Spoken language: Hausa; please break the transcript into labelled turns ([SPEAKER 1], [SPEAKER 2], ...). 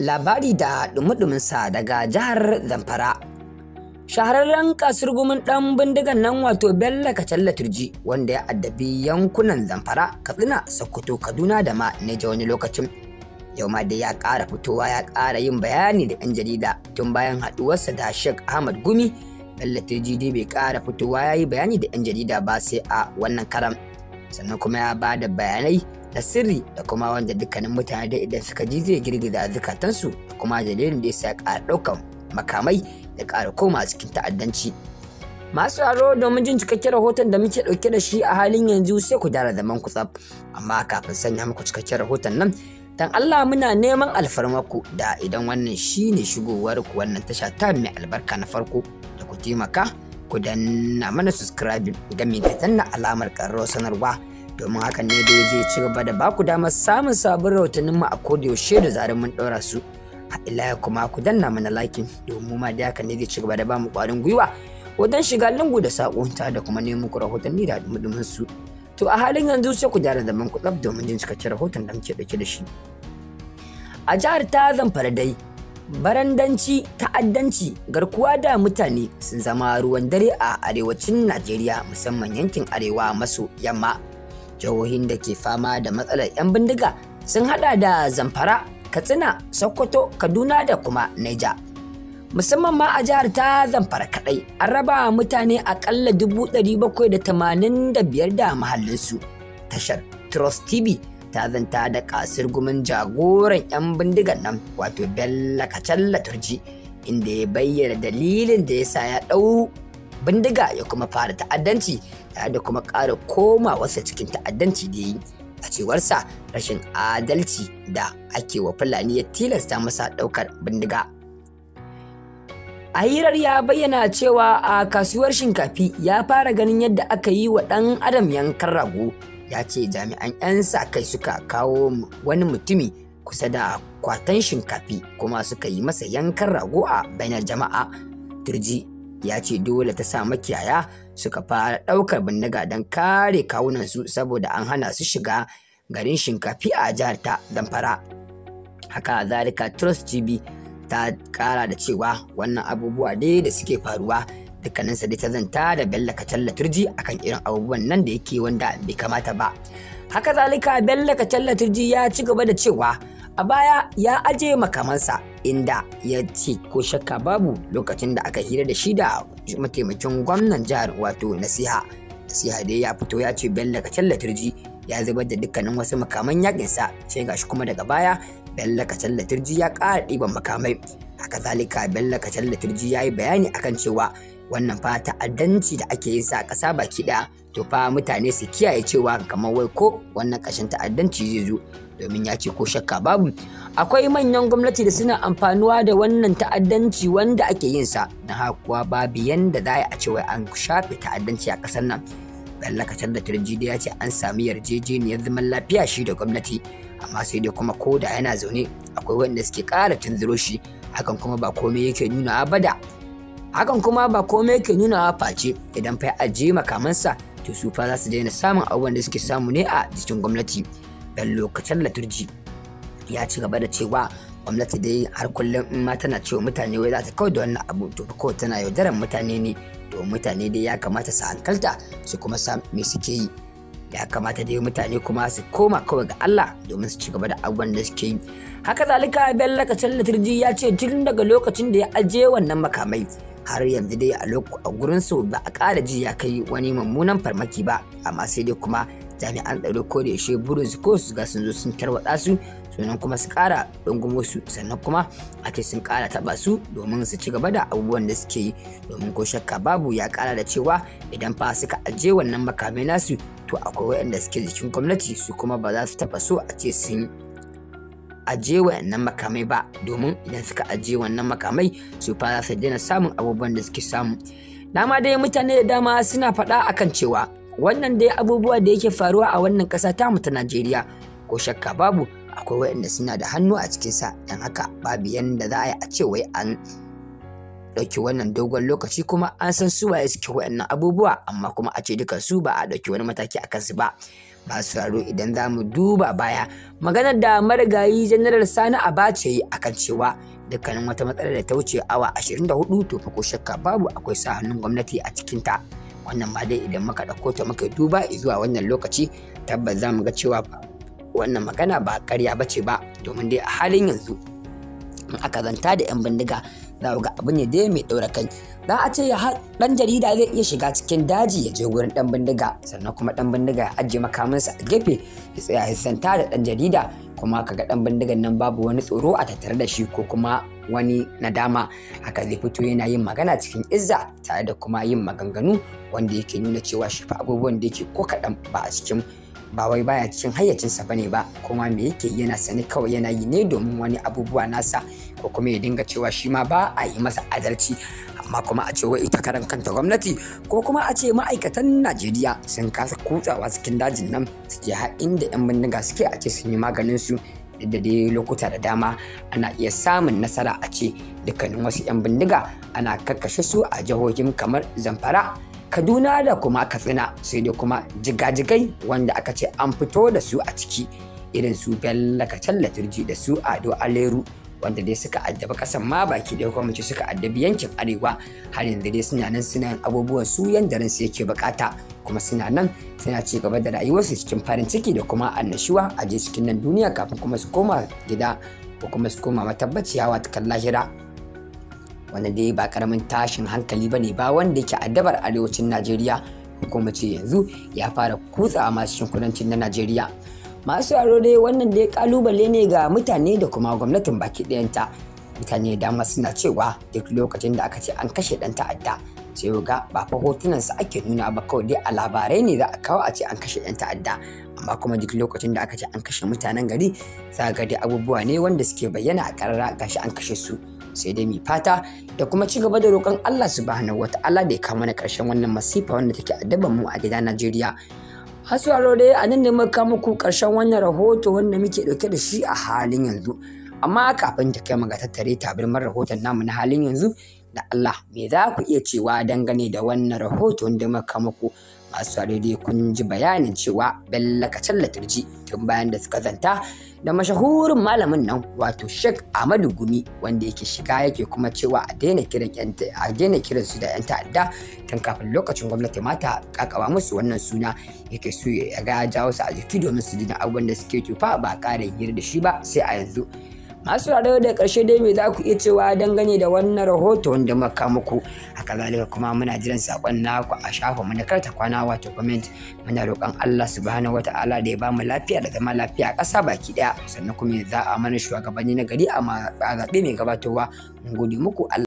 [SPEAKER 1] labari da sa daga jihar zamfara shahararren kasurgumin dan bindigan nan wato bello kacalla turji wanda ya addabi yankunan zamfara katsina sokoto kaduna da ma neja wani lokacin yau ma dai ya ƙara fitowa ya ƙara yin bayani da 'yan jarida tun bayan haɗuwarsa da sheikh ahmad gumi bello turji dai bai ƙara fitowa ya yi bayani da 'yan jarida ba sai a wannan karam sannan kuma ya ba da bayanai na sirri da kuma wanda dukkanin mutane idan suka ji zai girgiza zukatansu da kuma dalilin da ya sa ƙara ɗaukan makamai da ƙara koma cikin ta'addanci. Masu aro domin jin cikakken rahoton da muke ɗauke da shi a halin yanzu sai ku dara zaman ku tsaf amma kafin sanya muku cikakken rahoton nan dan Allah muna neman alfarmaku da idan wannan shine shigowar ku wannan tasha ta mai albarka na farko da ku taimaka ku danna mana subscribe ga mai alamar ƙararrawar sanarwa domin hakan ne da zai ci gaba da baku damar samun sabon rahotannin mu a yaushe da zarar mun ɗora su ila kuma ku danna mana lakin domin ma da hakan ne zai ci gaba da bamu ƙwarin gwiwa wajen shiga lungu da sakonta da kuma nemo ku rahotanni da dumudumin su to a halin yanzu sai ku gyara zaman ku tsaf domin jin cikakken rahoton da muke ɗauke da shi a jihar ta zamfara dai barandanci ta'addanci garkuwa da mutane sun zama ruwan dare a arewacin najeriya musamman yankin arewa maso yamma jihohin da ke fama da matsalar 'yan bindiga sun hada da zamfara katsina sokoto kaduna da kuma naija musamman ma a jihar ta zamfara kadai an raba mutane akalla 785 da da biyar mahallinsu tashar trust tv ta zanta da kasir gumin jagoran 'yan bindigan nan wato bella kacalla turji inda ya bayyana dalilin da ya sa ya ɗau bindiga ya kuma fara ta'addanci tare da kuma ƙara koma wasa cikin ta'addanci da yi a cewarsa rashin adalci da ake wa fulani ya tilasta masa ɗaukar bindiga a hirar ya bayyana cewa a kasuwar shinkafi ya fara ganin yadda aka yi wa ɗan adam yankan rago ya ce jami'an 'yan sa kai suka kawo wani mutumi kusa da kwatan shinkafi kuma suka yi masa yankan rago a bainar jama'a turji ya ce dole ta sa makiyaya suka fara ɗaukar bindiga don kare kawunansu saboda an hana su shiga garin shinkafi a jihar ta damfara haka zalika trust gb ta kara da cewa wannan abubuwa dai da suke faruwa sa dai ta zanta da bella kacalla turji akan irin abubuwan nan da yake wanda bai kamata ba haka zalika bella ka turji ya ci gaba da cewa a baya ya aje makamansa inda ya ce ko shakka babu lokacin da aka hira da shi da mataimakin gwamnan jihar wato nasiha nasiha dai ya fito ya ce bello kacin laturji ya zubar da dukkanin wasu makaman yakinsa sai gashi kuma daga baya bello kacin laturji ya ƙara ɗiban makamai haka zalika bello kacin laturji ya yi bayani akan cewa wannan fa ta'addanci da ake yin sa a ƙasa baki ɗaya to fa mutane su kiyaye cewa kamar wai ko wannan ƙashin ta'addanci zai zo domin ya ce ko shakka babu akwai manyan gwamnati da suna amfanuwa da wannan ta'addanci wanda ake yin sa na hakuwa babu yanda za a ce wai an shafe ta'addanci a kasar nan tsallakatar da turjidi ya ce an sami yarjejeniyar zaman lafiya shi da gwamnati amma sai dai kuma ko da yana zaune akwai wanda suke kara tunzuro shi hakan kuma ba komai yake nuna bada hakan kuma ba komai yake nuna face idan fa ajiye makamansa to su fa za su daina samun abubuwan da suke samu ne a jikin gwamnati dan lokacin turji, ya ci gaba da cewa gwamnati dai har kullum in ma tana cewa mutane wai za ta kawai da wannan abu to kawai tana yaudaran mutane ne to mutane dai ya kamata su hankalta su kuma sa me suke yi ya kamata dai mutane kuma su koma kawai ga Allah domin su ci gaba da abubuwan da suke yi haka zalika bayan lokacin liturji ya ce tun daga lokacin da ya ajiye wannan makamai har yanzu dai a gurin su ba a ƙara ji ya kai wani mummunan farmaki ba amma sai dai kuma jami'an tsaro ko da yaushe burin su ko su ga sun zo sun tarwaɗa su sunan kuma su kara dungumo su sannan kuma ake sun kara taba su domin su ci gaba da abubuwan da suke yi domin ko shakka babu ya kara da cewa idan fa suka aje wannan makamai nasu to akwai waɗanda suke jikin gwamnati su kuma ba za su taba so a ce sun aje wannan makamai ba domin idan suka ajiye wannan makamai su fa za su daina samun abubuwan da suke samu dama dai mutane da dama suna faɗa akan cewa wannan dai abubuwa da yake faruwa a wannan ƙasa ta ta najeriya ko shakka babu akwai waɗanda suna da hannu a cikinsa don haka babu yadda za a yi a ce wai an ɗauki wannan dogon lokaci kuma an san su waye suke waɗannan abubuwa amma kuma a ce dukan su ba a ɗauki wani mataki a kansu ba masu raro idan zamu duba baya maganar da marigayi janaral sani abace yi akan cewa dukkanin wata matsalar da ta wuce awa 24 to fa ko shakka babu akwai sa hannun gwamnati a cikinta. ta wannan ma dai idan muka ɗauko ta muka duba zuwa wannan lokaci tabbas za mu ga cewa wannan magana ba karya ba ce ba domin dai a halin yanzu in aka zanta da 'yan bindiga za ga abu ne dai mai ɗaura kai za a ce ɗan jarida zai iya shiga cikin daji ya je wurin ɗan bindiga sannan kuma ɗan bindiga ya ajiye makaminsa a gefe ya tsaya ya santa da ɗan jarida kuma ga ɗan bindigan nan babu wani tsoro a tattare da shi ko kuma wani nadama haka zai fito yana yin magana cikin izza tare da kuma yin maganganu wanda yake nuna cewa shi fa abubuwan da yake ko kaɗan ba a cikin ba wai baya cikin hayyacinsa bane ba kuma me yake yana sani kawai yana yi ne domin wani abubuwa nasa ko kuma ya dinga cewa shi ma ba a yi masa adalci amma kuma a ce wai ita karan kanta gwamnati ko kuma a ce ma'aikatan Najeriya sun kasa kutsawa cikin dajin nan suke har inda 'yan bindiga suke a ce sun yi maganin su da dai lokuta da dama ana iya samun nasara a ce dukkanin wasu 'yan bindiga ana kakkashe su a jihohin kamar Zamfara kaduna da kuma katsina sai dai kuma jigajigai wanda aka ce an fito da su a ciki irin su bello kacal turji da su ado aleru wanda dai suka addabi kasan ma baki ɗaya kuma mace suka addabi yankin arewa har yanzu dai suna nan suna abubuwan su yanda ransu yake bukata kuma suna nan suna ci gaba da su cikin farin ciki da kuma annashuwa a je cikin nan duniya kafin kuma su koma gida ko kuma su koma matabbaciya watakan lahira wannan dai ba karamin tashin hankali ba ne ba wanda ke addabar arewacin najeriya hukumar ce yanzu ya fara kutsa a masu kudancin na najeriya masu yaro dai wannan dai kalubale ne ga mutane da kuma gwamnatin baki ɗayanta mutane da dama suna cewa duk lokacin da aka ce an kashe ɗan ta'adda sai ga ba fa hotunansa ake nuna ba kawai dai a labarai ne za a kawo a ce an kashe ɗan ta'adda amma kuma duk lokacin da aka ce an kashe mutanen gari za ga dai abubuwa ne wanda suke bayyana a ƙarara gashi an kashe su sai dai mai fata da kuma ci gaba da roƙon Allah subhanahu wata'ala da ya kama na ƙarshen wannan masifa wanda take addaban mu a gida Najeriya Hasuwaro dai a nan ne muka muku ƙarshen wannan rahoto wanda muke ɗauke da shi a halin yanzu amma kafin ta kai ga tattare tabarmar rahoton namu na halin yanzu da Allah me za ku iya cewa dangane da wannan rahoton da muka muku masu sare kun ji bayanin cewa bello kacal turji tun bayan da suka zanta da mashahurin malamin nan wato sheikh ahmadu gumi wanda yake shiga yake kuma cewa a daina kiran a daina kiran su da yan ta'adda tun kafin lokacin gwamnati mata kakawa musu wannan suna yake so ya ga jawo su a jiki domin su ji abubuwan da suke tufa ba ƙara hira da shi ba sai a yanzu masu rarrawa da ƙarshe dai me za ku iya cewa dangane da wannan rahoto da muka muku haka zalika kuma muna jiran saƙon naku a shafa mu na karta kwana wato comment muna roƙon Allah subhanahu wataala da ya ba mu lafiya da zama lafiya a ƙasa baki ɗaya sannan kuma za a mana shugabanni na gari a zaɓe mai gabatarwa mun gode muku Allah